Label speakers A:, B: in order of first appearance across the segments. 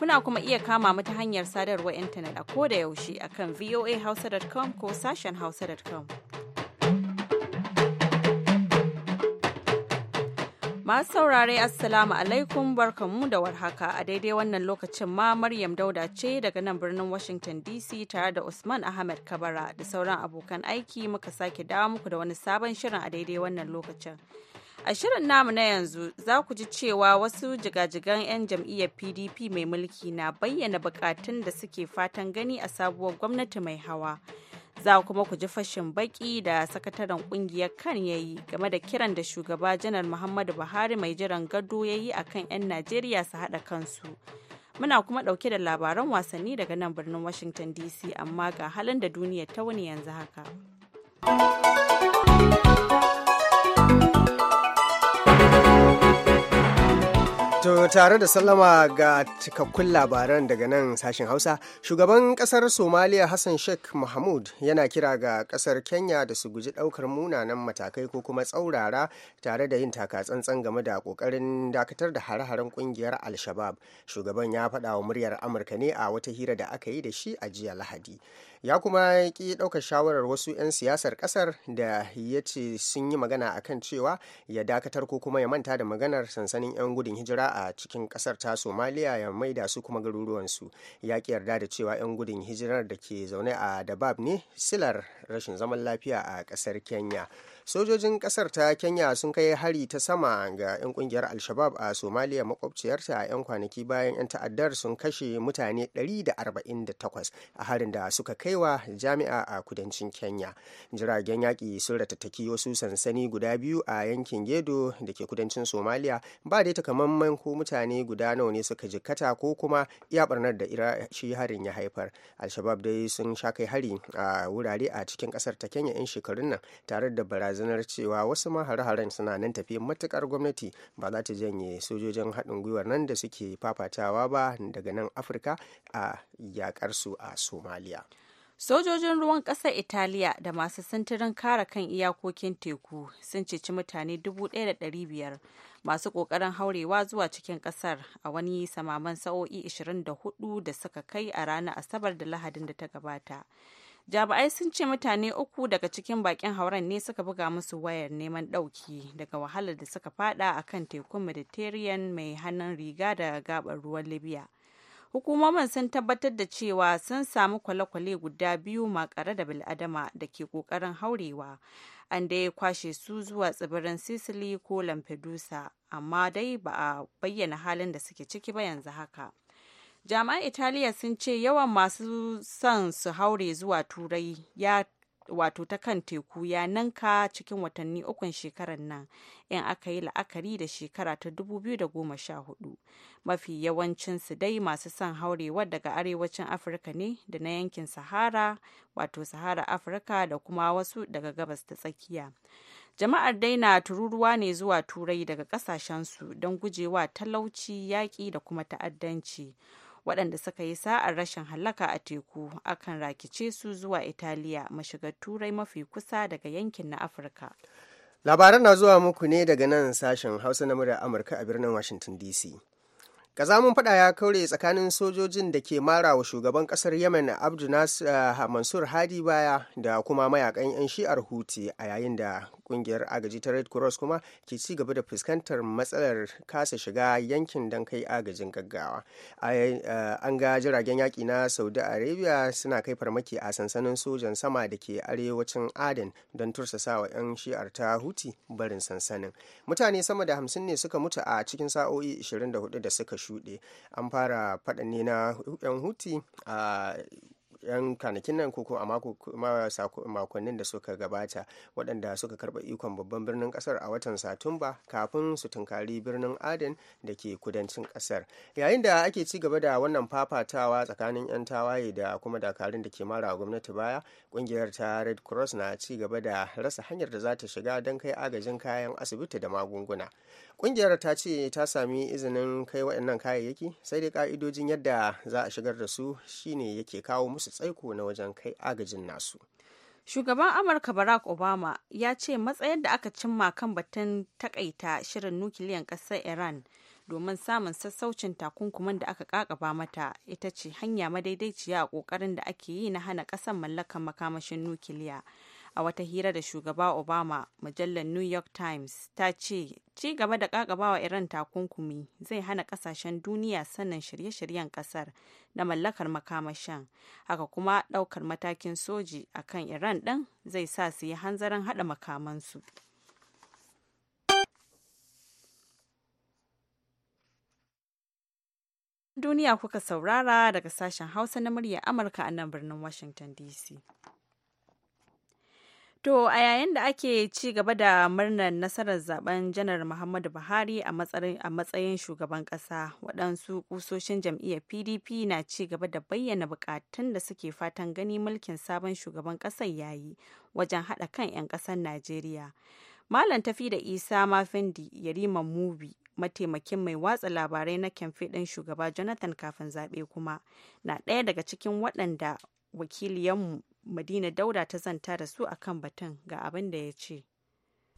A: Kuna kuma iya kama mu ta hanyar sadarwar intanet a koda yaushe akan voahausa.com ko sashen hausa.com. Masu saurare Assalamu alaikum barkanmu da warhaka a daidai wannan lokacin ma Maryam Dauda ce daga nan birnin Washington DC tare da Usman Ahmed Kabara da sauran abokan aiki muka sake dawo muku da wani sabon shirin a daidai wannan lokacin. A shirin namu na yanzu za ku ji cewa wasu jigajigan 'yan jam'iyyar PDP mai mulki na bayyana bukatun da suke fatan gani a sabuwar gwamnati mai hawa. Za kuma ku ji fashin baki da sakataren kungiyar kan ya yi game da kiran da shugaba janar Muhammadu Buhari mai jiran gado ya yi a kan 'yan Najeriya su haɗa kansu. Muna kuma ɗauke da labaran wasanni daga nan birnin Washington DC amma ga halin da duniya ta wuni yanzu haka.
B: To tare da sallama ga cikakkun labaran daga nan sashen Hausa, shugaban kasar Somaliya Hassan Sheikh Mahmud yana kira ga kasar Kenya da su guji ɗaukar munanan matakai ko kuma tsaurara tare da yin takatsantsan game da ƙoƙarin dakatar da hare-haren kungiyar Al-Shabab. Shugaban ya faɗa wa muryar Amurka ne a wata hira da aka yi da shi a jiya Lahadi. ya kuma ki ɗaukar shawarar wasu 'yan siyasar ƙasar da ya ce sun yi magana akan cewa ya dakatar ko kuma ya manta da maganar sansanin 'yan gudun hijira a cikin ƙasar ta somaliya ya maida su kuma garuruwansu ya ki yarda da cewa 'yan gudun hijirar da ke zaune a dabab ne silar rashin zaman lafiya a ƙasar kenya sojojin kasar ta kenya sun kai hari ta sama ga 'yan kungiyar al-shabab a somalia makwabciyarta a 'yan kwanaki bayan 'yan ta'addar sun kashe mutane 148 a harin da suka kaiwa jami'a a kudancin kenya jiragen yaƙi sun ratattaki wasu sansani guda biyu a yankin gedo da ke kudancin somalia ba dai takamaiman ko mutane guda nawa ne suka jikkata ko kuma iya barnar da shi harin ya haifar al-shabab dai sun sha kai hari a wurare a cikin kasar ta kenya 'yan shekarun nan tare da bara barazanar cewa wasu ma hare suna nan tafi matukar gwamnati ba za ta janye sojojin haɗin gwiwar nan da suke fafatawa ba daga nan afirka a yakarsu a somaliya
A: sojojin ruwan ƙasar italiya da masu sintirin kare kan iyakokin teku sun ceci mutane 1,500 masu ƙoƙarin haurewa zuwa cikin ƙasar a wani samaman sa'o'i 24 da suka kai a ranar asabar da lahadin da ta gabata jami'ai sun ce mutane uku daga cikin bakin hauren ne suka buga musu wayar neman ɗauki daga wahalar da suka fada a kan tekun mediterranean mai hannun riga da gabar ruwan libya hukumomin sun tabbatar da cewa sun samu kwale-kwale guda biyu makare da bil'adama da ke kokarin haurewa an dai kwashe su zuwa tsibirin sicily ko lampedusa amma dai ba a bayyana halin da suke ciki ba yanzu haka jami'an italiya sun ce yawan masu son su haure zuwa turai ya wato ta kan teku ya nanka cikin watanni ukun shekarar nan in aka yi la'akari da shekara ta 2014 mafi yawancinsu dai masu son haurewa daga arewacin afirka ne da na yankin sahara wato sahara afirka da kuma wasu daga gabas ta tsakiya jama'ar dai na tururuwa ne zuwa turai daga kasashensu don gujewa talauci yaƙi da kuma ta'addanci waɗanda suka yi sa'ar rashin hallaka a teku akan rakice su zuwa italiya mashigar turai mafi kusa daga yankin na afirka
B: labaran na zuwa muku ne daga nan sashen hausa na murya amurka a birnin washington dc kazamin fada ya kaure tsakanin sojojin da ke mara wa shugaban kasar yemen abdu eh, mansur hadi baya da kuma mayakan 'yan shi'ar huti a yayin da kungiyar agaji ta red cross kuma ke ci gaba da fuskantar matsalar kasa shiga yankin don kai agajin gaggawa eh, an ga jiragen yaƙi na saudi arabia suna kai farmaki a sansanin sojan sama da ke arewacin aden don tursasawa 'yan shi'ar ta huti barin sansanin mutane sama da hamsin ne suka mutu a cikin sa'o'i 24 da suka shuɗe an fara faɗa ne na 'yan huti a 'yan kanakin nan ko a makonnin da suka gabata waɗanda suka karɓa ikon babban birnin ƙasar a watan satumba kafin su tunkari birnin aden da ke kudancin ƙasar yayin da ake ci gaba da wannan fafatawa tsakanin 'yan tawaye da kuma dakarun da ke mara gwamnati baya ƙungiyar ta red cross na ci gaba da rasa hanyar da za ta shiga don kai agajin kayan asibiti da magunguna ƙungiyar ta ce ta sami izinin kai waɗannan kayayyaki sai dai ƙa'idojin yadda za a shigar da su shine yake kawo musu tsaiko na wajen kai agajin nasu
A: shugaban amurka barack obama ya ce matsayar da aka cimma kan batun takaita shirin nukiliyan ƙasar iran domin samun sassaucin takunkuman da aka kakaba mata ita ce hanya madaidaiciya a ƙoƙarin da ake yi na hana ƙasar mallakan makamashin nukiliya a wata hira da shugaba obama mujallar new york times ta ce ci gaba da kakabawa iran takunkumi zai hana kasashen duniya sannan shirye-shiryen kasar da mallakar makamashin haka kuma daukar matakin soji akan iran din zai sa su yi hanzarin hada makamansu duniya kuka saurara daga sashen hausa na murya amurka a nan birnin washington dc To a yayin da ake ci gaba da murnar nasarar zaben janar Muhammadu Buhari a matsayin shugaban ƙasa, waɗansu ƙusoshin jam'iyyar PDP na ci gaba da bayyana buƙatun da suke fatan gani mulkin sabon shugaban ƙasar yayi wajen haɗa kan 'yan ƙasar Najeriya. Malam tafi da Isa Mafindi Yarima Mubi mataimakin mai watsa labarai na kyamfe ɗin shugaba Jonathan kafin zaɓe kuma na ɗaya daga cikin waɗanda wakiliyanmu madina dauda ta zanta da su akan batun ga abin da ya ce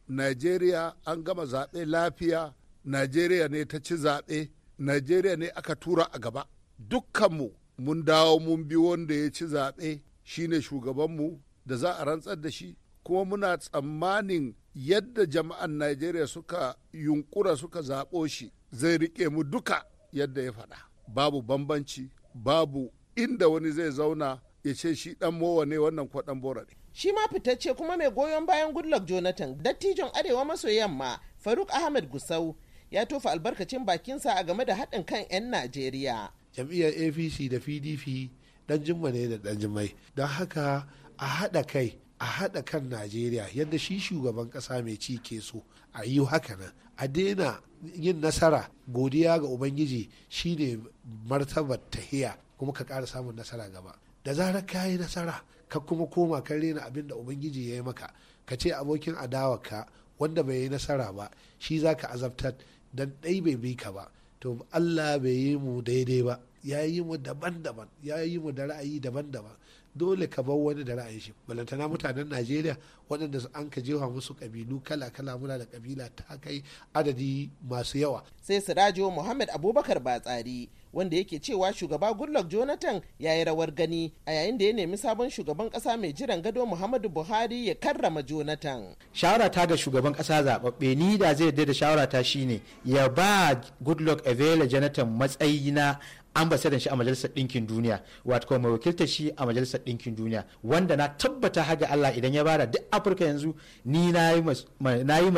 C: najeriya an gama zaɓe lafiya najeriya ne ta ci zaɓe najeriya ne aka tura a gaba dukkanmu mun dawo mun bi wanda ya ci zaɓe shine shugabanmu da za a rantsar da shi kuma muna tsammanin yadda jama'an najeriya suka yunkura suka zaɓo shi zai riƙe mu duka yadda ya faɗa babu bambanci babu inda wani zai zauna ya ce shi dan mowa ne wannan ko dan bora ne shi ma fitacce kuma mai goyon bayan goodluck jonathan dattijon arewa maso yamma faruk ahmed gusau ya tofa albarkacin
D: bakinsa a game da haɗin kan 'yan najeriya jam'iyyar apc da pdp dan jimma ne da dan jimmai don haka a haɗa kai a haɗa kan najeriya yadda shi shugaban ƙasa mai ci ke so a yi haka nan a daina yin nasara godiya ga ubangiji shine martabar tahiya kuma ka ƙara samun nasara gaba da zarar ka yi nasara ka kuma koma ka rena abin da ubangiji ya yi maka ka ce abokin ka wanda bai yi nasara ba shi za ka azabtar don ɗai bai bi ka ba to allah bai yi mu daidai ba ya yi mu daban-daban ya yi mu da ra'ayi daban-daban dole ka bar wani da ra'ayin shi balantana mutanen najeriya waɗanda an ka jefa musu kabilu kala kala muna da kabila ta kai adadi masu yawa sai
B: rajo muhammad abubakar batsari wanda yake cewa shugaba goodluck jonathan ya yi rawar gani a yayin da ya nemi sabon shugaban kasa mai jiran gado muhammadu buhari ya karrama jonathan shawara ta ga shugaban kasa zababbe ni da zai yarda da shawara ta shine ya ba goodluck evela jonathan matsayi na ambasadan shi a majalisar ɗinkin duniya wato kuma wakiltar shi a majalisar ɗinkin duniya wanda na tabbata haga Allah idan ya bada duk Afirka yanzu ni na yi ma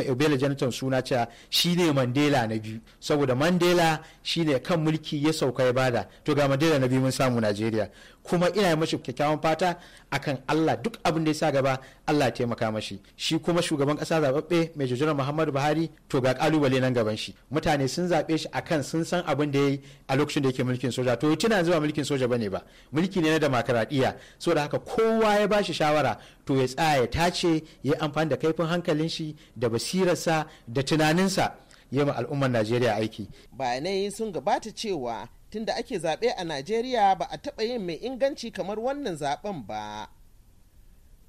B: Obele Jonathan suna cewa shi ne Mandela na biyu saboda Mandela shi ne kan mulki ya sauka ya bada to ga Mandela na biyu mun samu Najeriya kuma ina yi mashi kyakkyawan fata akan Allah duk abin da ya sa gaba Allah ya taimaka mashi shi kuma shugaban kasa zaɓaɓɓe mai jujjuran Muhammadu Buhari to ga kalubale nan gaban shi mutane sun zaɓe shi akan sun san abin da ya yi a lokacin da yake mulki mulkin soja to tuna yanzu ba mulkin soja bane ba mulki ne na demokradiyya da haka kowa ya bashi shawara to ya tsaya ya tace ya amfani da kaifin hankalin shi da basirarsa da tunaninsa ya ma al'ummar Najeriya aiki bayanai sun gabata cewa tunda ake zaɓe a Najeriya ba a taɓa yin mai inganci kamar wannan zaɓen ba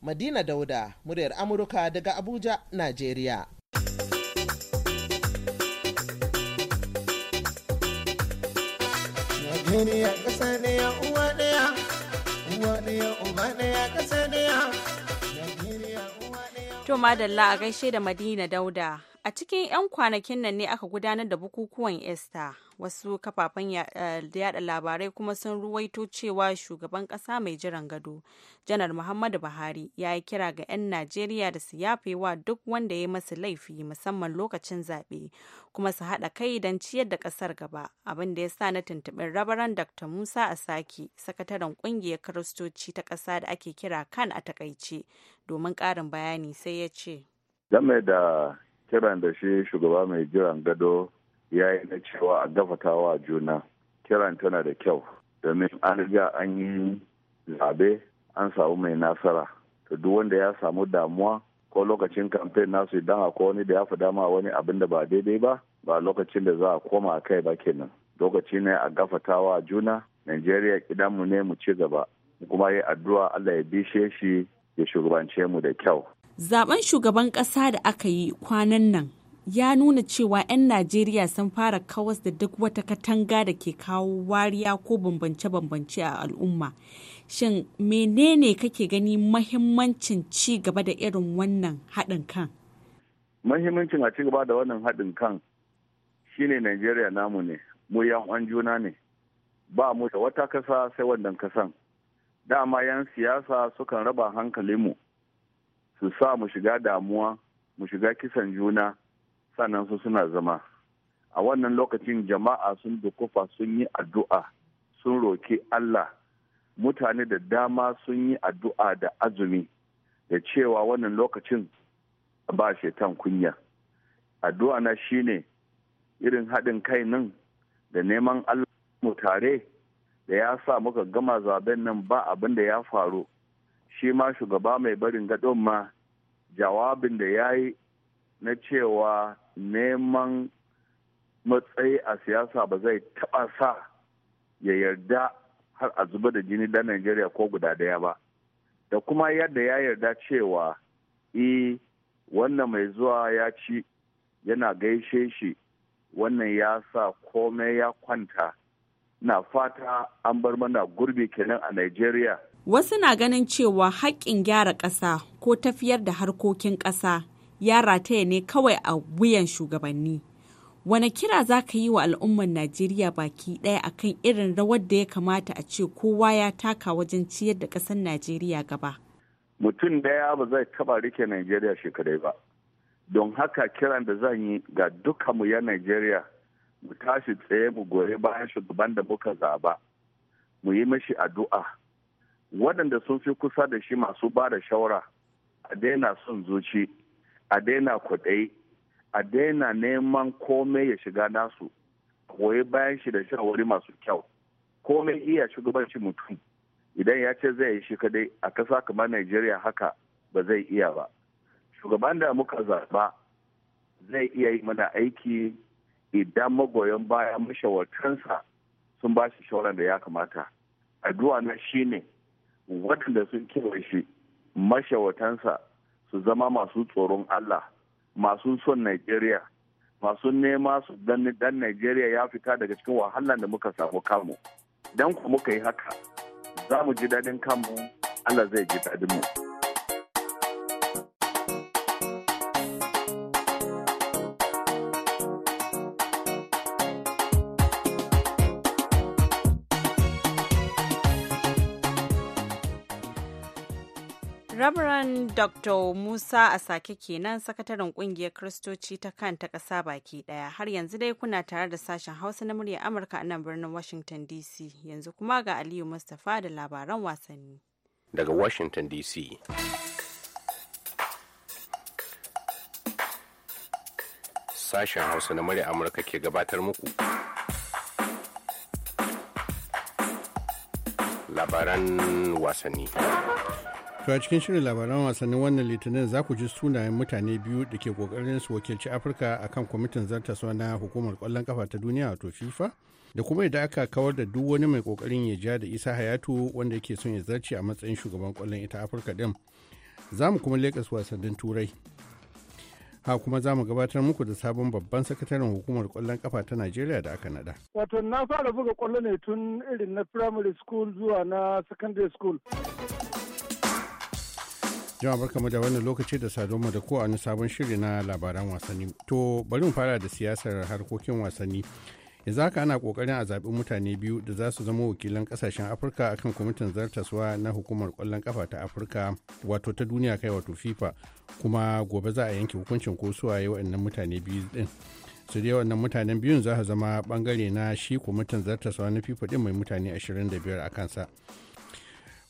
B: Madina Dauda, muryar Amurka daga Abuja, Najeriya.
E: Najeriya ƙasa ɗaya
A: madalla a gaishe da Madina Dauda. A cikin 'yan kwanakin nan ne aka gudanar da bukukuwan Esther. wasu kafafen yada eh, labarai kuma sun ruwaito cewa shugaban kasa mai jiran gado janar muhammadu buhari ya yi kira ga 'yan najeriya da su yafe wa duk wanda ya masu laifi musamman lokacin zaɓe kuma su haɗa kai don ciyar da ƙasar gaba Abinda da ya sa na tuntuɓin rabaran dr musa asaki sakataren ƙungiyar kiristoci ta ƙasa da ake kira kan a takaice domin ƙarin bayani sai ya ce
F: game da kiran da shi shugaba mai jiran gado ya yi na cewa a gafatawa juna kiran tana da kyau domin an riga an yi zabe an samu mai nasara to duk wanda ya samu damuwa ko lokacin kamfen nasu idan ko wani da ya fi dama wani abin da ba daidai ba ba lokacin da za a koma a kai ba kenan lokaci ne a gafatawa juna najeriya kidanmu ne mu ci gaba kuma yi addu'a allah ya bishe shi ya shugabance mu da kyau
A: zaben shugaban ƙasa da aka yi kwanan nan ya nuna cewa 'yan Najeriya sun fara kawas da duk wata katanga da ke kawo wariya ko bambance-bambance a al'umma. Shin menene kake gani mahimmancin ci gaba da irin wannan haɗin kan?
F: Mahimmancin a ci gaba da wannan haɗin kan shine Najeriya namu ne, mu yan juna ne, ba mu da wata kasa sai wannan kasan. Dama 'yan siyasa sukan raba hankalinmu su sa mu shiga damuwa, mu shiga kisan juna. sannan su suna zama a wannan lokacin jama'a sun dukufa sun yi addu'a sun roki allah mutane da dama sun yi addu'a da azumi da cewa wannan lokacin ba shetan kunya addu'a na shine irin haɗin kai nan da neman allah mu tare da ya sa muka gama zaben nan ba abin da ya faru shi ma shugaba mai barin gadon ma jawabin da ya yi na cewa neman matsayi a siyasa ba zai taɓa sa ya yarda har a zuba da jini da Najeriya ko guda daya ba. Da kuma yadda ya yarda cewa e wannan mai zuwa ya ci yana gaishe shi wannan ya sa komai ya kwanta na fata an bar mana gurbi kenan a Najeriya.
A: Wasu na ganin cewa haƙƙin gyara ƙasa ko tafiyar da harkokin ƙasa ya rataya ne kawai a wuyan shugabanni. Wane kira za ka yi wa al'ummar Najeriya baki ɗaya akan irin rawar da ya kamata a ce kowa ya taka wajen ciyar da ƙasar Najeriya gaba?
F: Mutum ɗaya ba zai taɓa rike Najeriya shekarai ba. Don haka kiran da zan yi ga duka mu ya Najeriya mu tashi tsaye mu gore bayan shugaban da muka zaba. Mu yi mashi addu'a. Waɗanda sun fi kusa da shi masu ba da shawara a daina son zuci. a daina kwaɗayi a daina neman komai ya shiga nasu koyi bayan shi da shawari masu kyau komai iya shugabanci mutum idan ya ce zai yi shi kadai a kasa kamar Najeriya haka ba zai iya ba shugaban da muka zaba zai iya yi mana aiki idan magoyan baya mashawartansa sun ba shi shawarar da ya kamata addu'a na shine waɗanda sun kewaye shi mashawartansa su zama masu tsoron Allah masu son Najeriya masu nema su dan Najeriya ya fita daga cikin wahalar da muka samu kamu dan ku muka yi haka za mu ji daɗin kanmu Allah zai ji daɗin mu.
A: Reverend Dr. Musa Asake kenan sakataren kungiyar Kristoci ta kanta ƙasa baki ɗaya. Har yanzu dai kuna tare da sashen Hausa na muryar Amurka a nan birnin Washington DC. Yanzu kuma ga Aliyu Mustapha da labaran wasanni.
D: Daga Washington DC. Sashen Hausa na muryar Amurka ke gabatar muku. Labaran wasanni. To a cikin shirin labaran wasannin wannan litinin za ku ji sunayen mutane biyu da ke kokarin su wakilci Afirka a kan kwamitin zartaswa na hukumar kwallon kafa ta duniya wato FIFA da kuma yadda aka kawar da duk wani mai kokarin ya ja da Isa Hayatu wanda yake son ya zarce a matsayin shugaban kwallon ita Afirka din. Za mu kuma lekas wasannin Turai. ha kuma za mu gabatar muku da sabon babban sakataren hukumar kwallon kafa ta najeriya da aka nada
G: wato na fara buga kwallo ne tun irin na primary school zuwa na secondary school
D: jama'a barkamu da wannan lokaci da sadoma da ko a sabon shiri na labaran wasanni to bari mu fara da siyasar harkokin wasanni yanzu haka ana kokarin a zaɓi mutane biyu da za su zama wakilan kasashen afirka akan kwamitin zartaswa na hukumar ƙwallon kafa ta afirka wato ta duniya kai wato fifa kuma gobe za a yanke hukuncin ko waye waɗannan mutane biyu ɗin su dai waɗannan mutanen biyun za su zama bangare na shi kwamitin zartaswa na fifa ɗin mai mutane 25 a kansa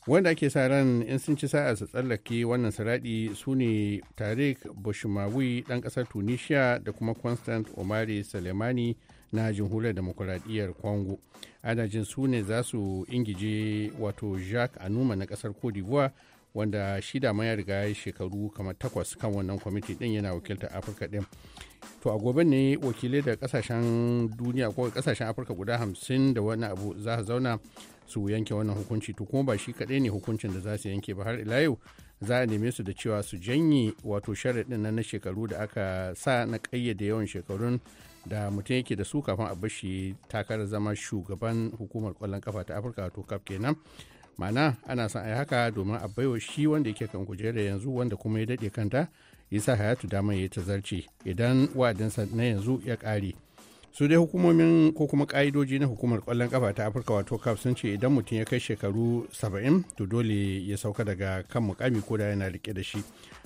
D: wanda ake sa ran in sun ci sa'a su tsallake wannan saradi su ne tarik bushmawi dan kasar tunisia da kuma constant omari salemani na jamhuriyar demokuraɗiyyar congo ana jin su ne za su ingije wato jacques anuma na kasar cote d'ivoire wanda shi da ya riga ya shekaru kamar takwas kan wannan kwamiti din yana wakiltar afirka din to a gobe ne wakilai da kasashen duniya ko kasashen afirka guda hamsin da wani abu za zauna su yanke wannan hukunci to kuma ba shi kaɗai ne hukuncin da za su yanke ba har ila yau za a neme su da cewa su janye wato sharaɗin nan na shekaru da aka sa na ƙayyade yawan shekarun da mutum yake da su kafin a bashi takarar zama shugaban hukumar ƙwallon kafa ta afirka wato kaf kenan mana ana son a yi haka domin a baiwa shi wanda yake kan kujera yanzu wanda kuma ya daɗe kanta ya sa hayatu damar ya yi ta zarce idan wa'adinsa na yanzu ya ƙare su dai hukumomin ko kuma ka'idoji na hukumar kwallon kafa ta afirka wato kaf sun ce idan mutum ya kai shekaru 70 to dole ya sauka daga kan mukami ko da yana rike da shi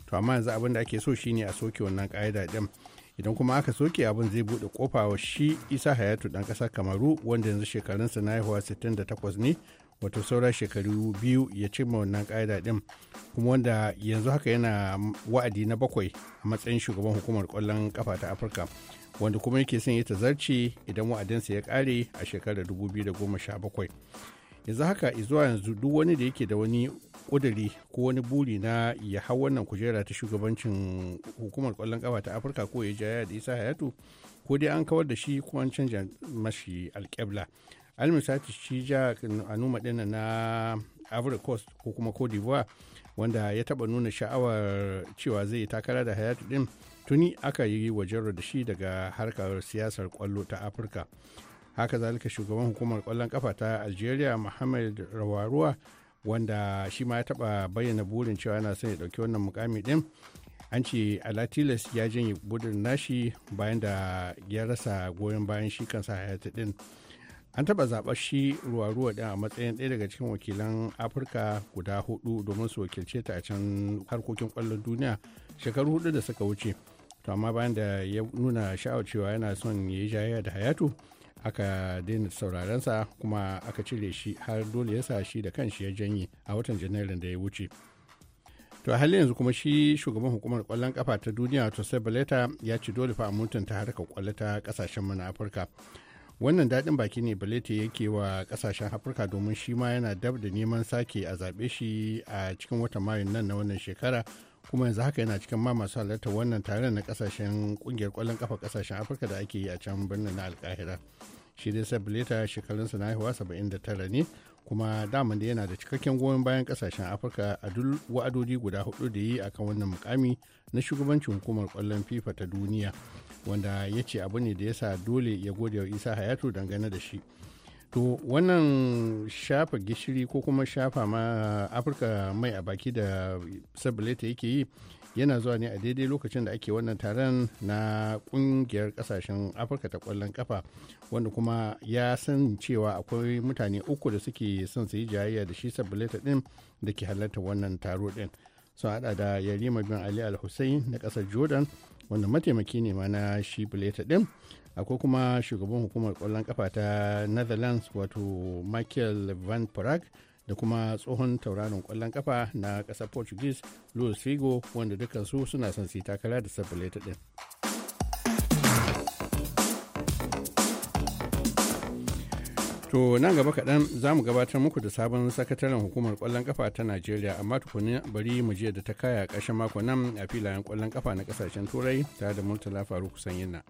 D: to amma yanzu abin da ake so shine a soke wannan ka'ida din idan kuma aka soke abin zai bude kofa wa shi isa hayatu dan kasar kamaru wanda yanzu shekarunsa na haihuwa 68 ne wato saura shekaru biyu ya cimma wannan ka'ida din kuma wanda yanzu haka yana wa'adi na bakwai a matsayin shugaban hukumar kwallon kafa ta afirka wanda kuma yake son ya zarce idan wa'adinsa ya kare a shekarar 2017 yanzu haka zuwa yanzu duk wani da yake da wani kuduri ko wani buri na ya hau wannan kujera ta shugabancin hukumar kwallon kafa ta afirka ko ya jaya da isa hayatu ko dai an kawar da shi ko an canja mashi alkebla almisati shi ja a numa ɗin na ivory coast ko kuma cote d'ivoire wanda ya taba nuna sha'awar cewa zai takara da hayatu din tuni aka yi wajen da shi daga harkar siyasar kwallo ta afirka haka zalika shugaban hukumar kwallon kafa ta algeria mohamed rawaruwa wanda shi ma ya taba bayyana burin cewa yana son ya dauki wannan mukami din an ce alatilas ya janye gudun nashi bayan da ya rasa goyon bayan shi kansa hayata din an taba zaɓar shi ruwa-ruwa ɗin a matsayin ɗaya daga cikin wakilan afirka guda hudu domin su wakilce ta a can harkokin kwallon duniya shekaru hudu da suka wuce to amma bayan da ya nuna sha'awar cewa yana son ya yi jayayya da hayatu aka daina saurarensa kuma aka cire shi har dole ya sa shi da kanshi ya janye a watan janairun da ya wuce to halin yanzu kuma shi shugaban hukumar kwallon kafa ta duniya to baleta ya ci dole fa a mutunta harkar kwallo ta kasashen mana afirka wannan daɗin baki ne baleta yake wa kasashen afirka domin shi ma yana dab da neman sake a zaɓe shi a cikin watan mayun nan na wannan shekara kuma yanzu haka yana cikin ma masu halartar wannan taron na kasashen kungiyar kwallon kafa kasashen afirka da ake yi a can birnin na alkahira shi dai sabileta shekarunsa na haihuwa 79 ne kuma daman da yana da cikakken goyon bayan kasashen afirka a duk wa'adodi guda hudu da yi akan wannan mukami na shugabancin hukumar kwallon fifa ta duniya wanda ya ce abu ne da yasa dole ya gode wa isa hayatu dangane da shi to wannan shafa gishiri ko kuma shafa ma afirka mai a baki da sabuleta yake yi yana zuwa ne a daidai lokacin da ake wannan taron na kungiyar kasashen afirka ta kwallon kafa wanda kuma ya san cewa akwai mutane uku da suke son su yi jayayya da shi sabuleta din da ke halarta wannan taro din sun hada da yarima bin ali al-hussein na kasar jordan wanda mataimaki ne ma na shi din akwai kuma shugaban hukumar kwallon kafa ta netherlands wato michael van praag da kuma tsohon tauraron kwallon kafa na ƙasar portuguese louis figo wanda su suna son su yi takara da ta din To nan gaba kaɗan za mu gabatar muku da sabon sakataren hukumar kwallon kafa ta nigeria amma tukuni bari mu je da ta kaya ƙarshen mako nan a filayen kwallon kafa na ƙasashen turai tare da Murtala Faruk yinna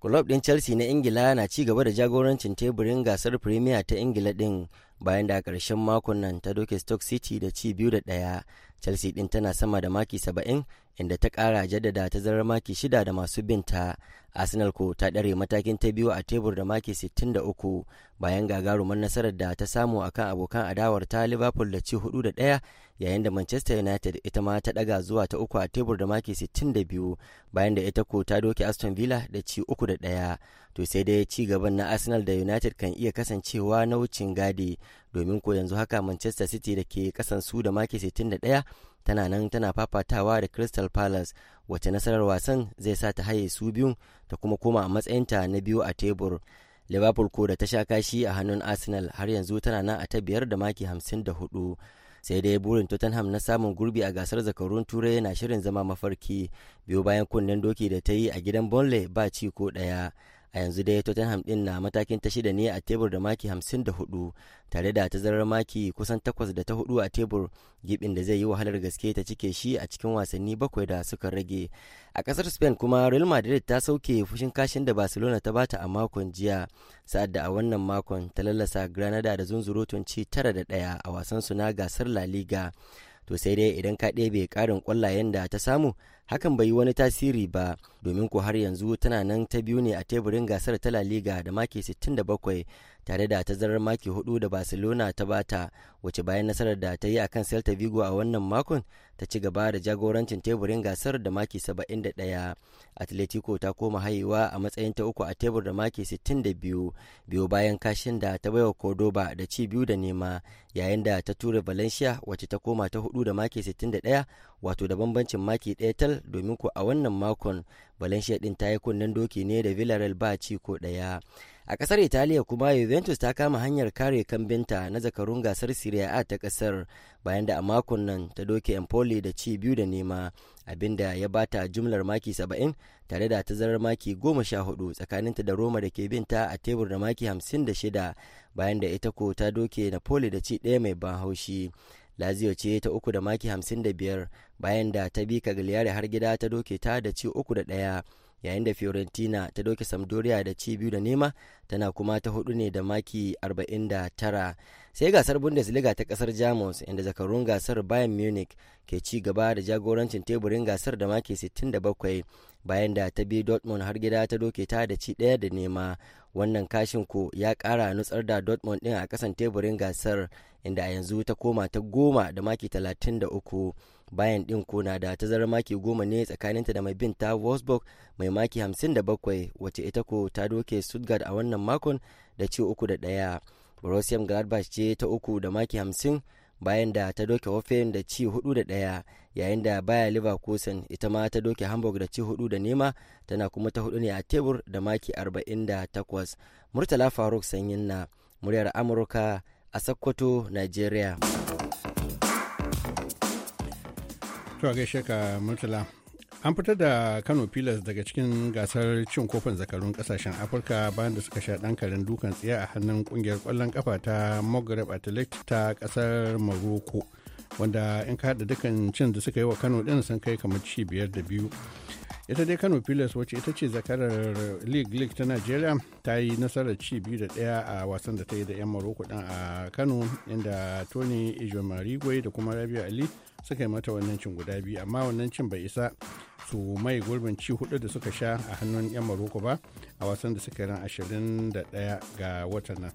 E: Kulob ɗin Chelsea na Ingila na ci gaba da jagorancin teburin gasar Premier ta Ingila ɗin bayan da a ƙarshen makon nan ta doke Stoke City da ci biyu da ɗaya. Chelsea ɗin tana sama da maki saba'in inda ta ƙara jaddada ta zarar maki shida da masu binta. Arsenal ko ta ɗare matakin ta biyu a tebur da maki sittin da uku bayan gagarumar nasarar da ta samu akan abokan adawar ta Liverpool da ci hudu da ɗaya yayin da manchester united ita ma ta daga zuwa ta uku a tebur da maki 62 bayan da ita ko ta doke aston villa da ci uku da ɗaya to sai dai ci gaban na arsenal da united kan iya kasancewa na wucin gadi domin ko yanzu haka manchester city da ke kasan su da maki 61 tana nan tana fafatawa da crystal palace wace nasarar wasan zai sa ta haye su biyun ta kuma koma a matsayinta na biyu a tebur liverpool ko da ta sha kashi a hannun arsenal har yanzu tana nan a ta biyar da maki 54 sai dai burin tottenham na samun gurbi a gasar zakarun turai yana shirin zama mafarki biyu bayan kunnen doki da ta yi a gidan bonle ba ci ko ɗaya a yanzu dai tottenham din na matakin ta shida ne a tebur da maki 54 tare da tazarar maki kusan takwas da ta hudu a tebur gibin da zai yi wahalar gaske ta cike shi a cikin wasanni bakwai da suka rage a kasar spain kuma real madrid ta sauke fushin kashin da barcelona ta bata a makon jiya sa'ad da a wannan makon ta lalasa granada da zunzurutun ci tara da daya a wasan na gasar la liga to sai dai idan ka ɗebe karin kwallayen da ta samu hakan bai yi wani tasiri ba domin ko har yanzu tana nan ta biyu ne a teburin gasar ta La Liga da maki 67 tare da tazarar maki hudu da barcelona ta bata wace bayan nasarar da ta yi akan celta vigo a wannan makon ta ci gaba da jagorancin teburin gasar da maki 71 atletico ta koma haihuwa a matsayin ta uku a tebur da maki 62 biyu bayan kashin da ta baiwa cordoba da ci biyu da nema yayin da ta tura valencia wace ta koma ta hudu da maki 61 wato da bambancin maki ɗaya tal domin ko a wannan makon valencia din ta yi kunnen doki ne da villarreal ba ci ko ɗaya a kasar italiya kuma juventus ta kama hanyar kare kambinta na zakarun gasar serie a ta kasar bayan da a makon nan ta doke empoli da ci biyu da nema abinda ya bata jumlar maki 70 tare da tazarar maki 14 tsakaninta da roma da ke binta a tebur da maki 56 bayan da ita ko ta doke napoli da ci ɗaya mai ban haushi lazio ce ta uku da maki 55 bayan da ta bi kagaliyar har gida ta doke ta da ci uku da ɗaya yayin da fiorentina ta doke sampdoria da ci biyu da nema tana kuma ta hudu ne da maki 49 sai gasar bundesliga ta kasar jamus inda zakarun gasar bayan munich ke ci gaba da jagorancin teburin gasar da maki 67 bayan da ta bi dortmund har gida ta doke ta da ci daya da nema wannan kashin ko ya kara nutsar da dortmund din a kasan teburin gasar inda a yanzu ta koma ta goma da maki 33 bayan ɗin kona da tazarar maki goma ne tsakaninta da mai bin ta wolfsburg mai maki da 57 wacce ita ko ta doke stuttgart a wannan makon da ci uku da ɗaya borussia gladbach ce ta uku da maki 50 bayan da ta doke hoffenheim da ci hudu da ɗaya yayin da baya leverkusen ita ma ta doke hamburg da ci hudu da nema tana kuma ta hudu ne a tebur da maki da takwas murtala faruk sanyin na muryar amurka a sokoto nigeria To gaishe ka Murtala. An fitar da
D: Kano Pilas daga cikin gasar cin kofin zakarun kasashen Afirka bayan da suka sha karin dukan tsiya a hannun kungiyar kwallon kafa ta Maghreb Athletic ta kasar Morocco. Wanda in ka haɗa dukan cin da suka yi wa Kano ɗin sun kai kamar ci biyar da biyu. ita dai kano pillars wacce ita ce zakarar league league ta nigeria ta yi nasarar ci biyu da ɗaya a wasan da ta yi da yan morocco din a kano inda tony ijo marigwe da kuma rabia ali suka yi mata wannan cin guda biyu amma wannan cin bai isa su mai gurbin ci hudu da suka sha a hannun 'yan maroko ba a wasan da suka ran 21 ga watan nan.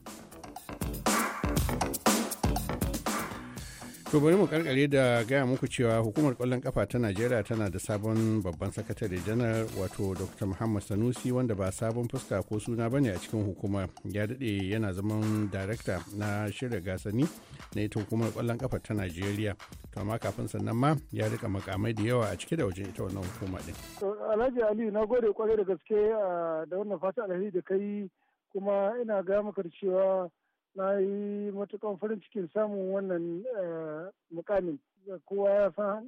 D: To bari mu karkare da gaya muku cewa hukumar kwallon kafa ta Najeriya tana da sabon babban sakatare janar wato Dr. Muhammad Sanusi wanda ba sabon fuska ko suna bane a cikin hukuma ya dade yana zaman darakta na shirya gasani na ita hukumar kwallon kafa ta Najeriya. To amma kafin sannan ma ya rika makamai da yawa a cike da wajen ita wannan hukuma din.
G: Alhaji Ali na gode kwarai da gaske ah, da wannan fata alheri da kai kuma ina ga maka cewa na yi matukan farin cikin samun wannan eh, mukamin kowa ya san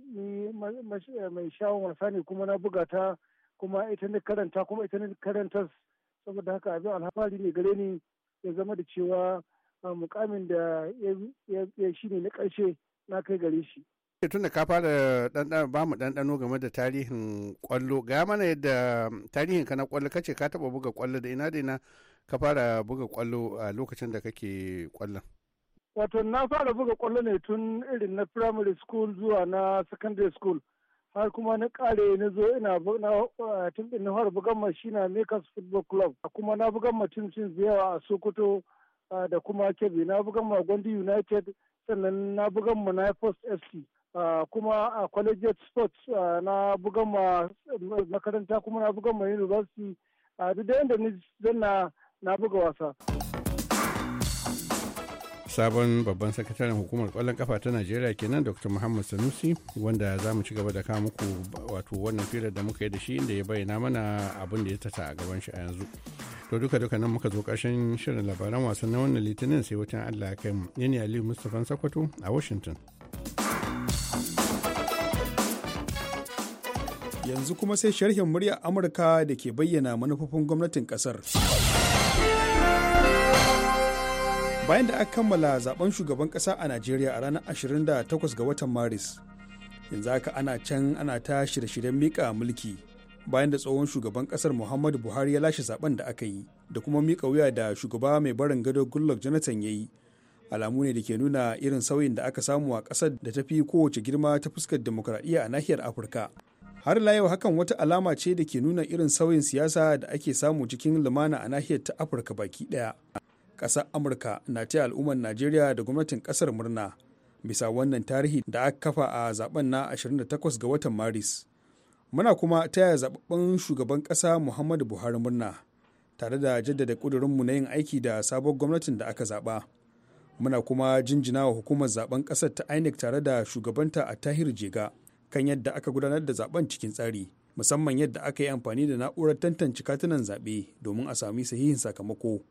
G: mai shawon wasa ne kuma na buga ta kuma ita ne karanta kuma ita ne karanta saboda haka abin alhamari ne gare ni ya zama da cewa ah, mukamin da ya shi ne na karshe na kai gare shi.
D: Eh, tun da ka fara ɗanɗano ba mu ɗanɗano game da tarihin ƙwallo ga mana yadda tarihin ka na ƙwallo kace ka taɓa buga kwallo da ina da ina ka fara buga kwallo a lokacin da kake kwallon?
G: Wato na fara buga kwallo ne tun irin na primary school zuwa na secondary school har kuma na kare na zo ina na tim din har bugan ma shi na Makers Football Club kuma na bugan ma tim cin a Sokoto eh, da kuma Kebbi na bugan ma Gondi United sannan na bugan ma na Post FC eh, kuma a Collegiate Sports eh, na bugan ma makaranta kuma na bugan ma University a duk da inda ni zanna na buga wasa.
D: sabon babban sakataren hukumar kwallon kafa ta najeriya kenan dr muhammad sanusi wanda za mu ci gaba da kawo muku wato wannan filar da muka yi da shi inda ya bayyana mana abin da ya tata a gaban shi a yanzu to duka duka nan muka zo karshen shirin labaran wasan na wannan litinin sai wutan allah ya kai mu ne aliyu mustapha sakwato a washington yanzu kuma sai sharhin
C: murya amurka da ke bayyana manufofin gwamnatin kasar bayan da aka kammala zaben shugaban kasa a najeriya a ranar 28 ga watan maris yanzu haka ana can ana ta shirye-shiryen mika mulki bayan da tsohon shugaban kasar muhammadu buhari ya lashe zaben da aka yi da kuma mika wuya da shugaba mai barin gado goodluck jonathan ya yi alamu ne da ke nuna irin sauyin da aka samu a kasar da ta fi kowace girma ta fuskar demokradiyya a nahiyar afirka har la hakan wata alama ce da ke nuna irin sauyin siyasa da ake samu cikin lumana a nahiyar ta afirka baki daya ƙasar amurka na taya al'ummar najeriya da gwamnatin ƙasar murna bisa wannan tarihi da aka kafa a zaben na 28 ga watan maris muna kuma taya zababben shugaban ƙasa muhammadu buhari murna tare da jaddada ƙudurinmu na yin aiki da sabon gwamnatin da aka zaɓa muna kuma jinjina wa hukumar zaɓen ƙasar ta inec tare da shugabanta a tahir jega kan yadda aka gudanar da zaɓen cikin tsari musamman yadda aka yi amfani da na'urar tantance katunan zaɓe domin a sami sahihin sakamako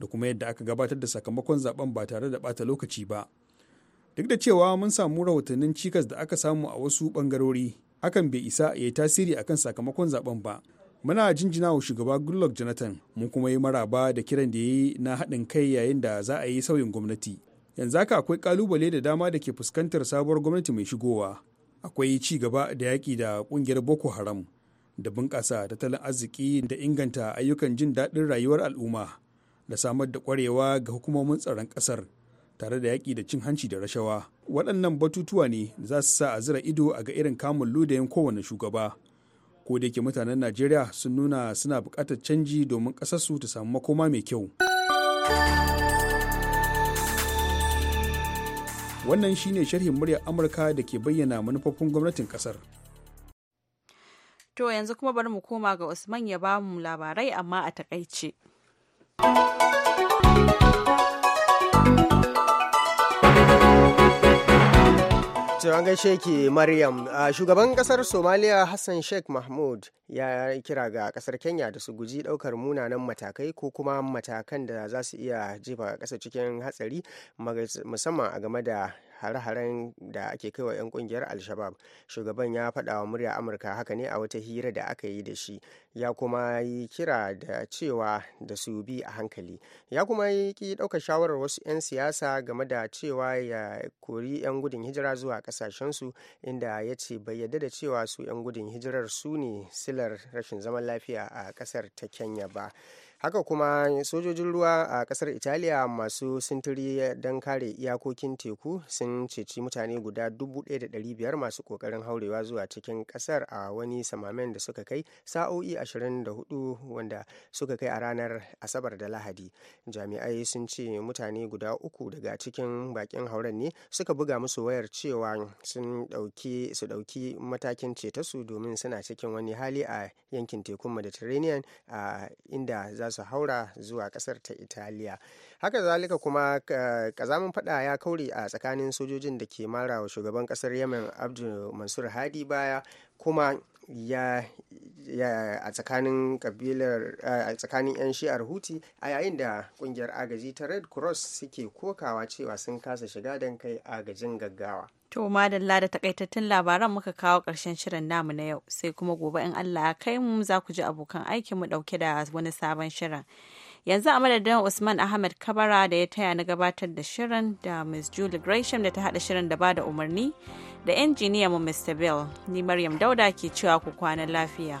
C: da kuma yadda aka gabatar da sakamakon zaben ba tare da bata lokaci ba duk da cewa mun samu rahotannin cikas da aka samu a wasu bangarori hakan bai isa ya yi tasiri akan sakamakon zaben ba muna jinjina wa shugaba goodluck jonathan mun kuma yi maraba da kiran da ya yi na haɗin kai yayin da za a yi sauyin gwamnati yanzu haka akwai kalubale da dama da ke fuskantar sabuwar gwamnati mai shigowa akwai ci gaba da yaƙi da ƙungiyar boko haram da bunƙasa tattalin arziki da inganta ayyukan jin daɗin rayuwar al'umma da samar da kwarewa ga hukumomin tsaron kasar tare da yaƙi da cin hanci da rashawa waɗannan batutuwa ne da za su sa a zira ido a ga irin kamun ludayen kowane shugaba ko da yake mutanen najeriya sun nuna suna buƙatar canji domin ƙasarsu ta samu makoma mai kyau wannan shine sharhin muryar amurka da ke bayyana manufofin gwamnatin ƙasar
A: to yanzu kuma bari mu koma ga usman ya bamu labarai amma a takaice
B: an gaishe ke Maryam, shugaban kasar Somaliya Hassan Sheikh Mahmud ya kira ga kasar Kenya da su guji daukar munanan matakai ko kuma matakan da za su iya jefa ƙasar cikin hatsari musamman a game da hare-haren da ake kai wa 'yan kungiyar al-shabab shugaban ya faɗa wa murya amurka haka ne a wata hira da aka yi da shi ya kuma yi kira da cewa da su bi a hankali ya kuma yi ki ɗaukar shawarar wasu 'yan siyasa game da cewa ya kori 'yan gudun hijira zuwa ƙasashensu inda ya ce bai yarda da cewa su 'yan gudun hijirar su ne silar rashin zaman lafiya a ƙasar ta kenya ba haka kuma sojojin ruwa a kasar italiya masu sintiri don kare iyakokin teku sun ceci mutane guda 1,500 masu kokarin haurewa zuwa cikin kasar a wani samamen da suka kai sa'o'i 24 wanda suka kai a ranar asabar da lahadi jami'ai sun ce mutane guda uku daga cikin bakin hauren ne suka buga musu wayar cewa sun su dauki matakin cetasu domin suna cikin wani hali a yankin tekun mediterranean a inda za su haura zuwa kasar ta italiya haka zalika kuma kazamin fada ya kauri a tsakanin sojojin da ke mara wa shugaban kasar yemen abdul mansur hadi baya kuma ya a tsakanin kabilar a tsakanin 'yan shi'ar huti a yayin da kungiyar agaji ta red cross suke kokawa cewa sun kasa shiga don kai agajin gaggawa
A: To madalla da takaitattun labaran muka kawo ƙarshen shirin namu na yau sai kuma gobe in Allah ya kai mu za ku ji abokan aikin mu ɗauke da wani sabon shirin. Yanzu a madadin Usman Ahmed Kabara da ya taya na gabatar da shirin da Ms. Julie Gresham da ta haɗa shirin da ba da umarni da injiniya mu Mr. Bill. Ni Maryam Dauda ke cewa ku kwana lafiya.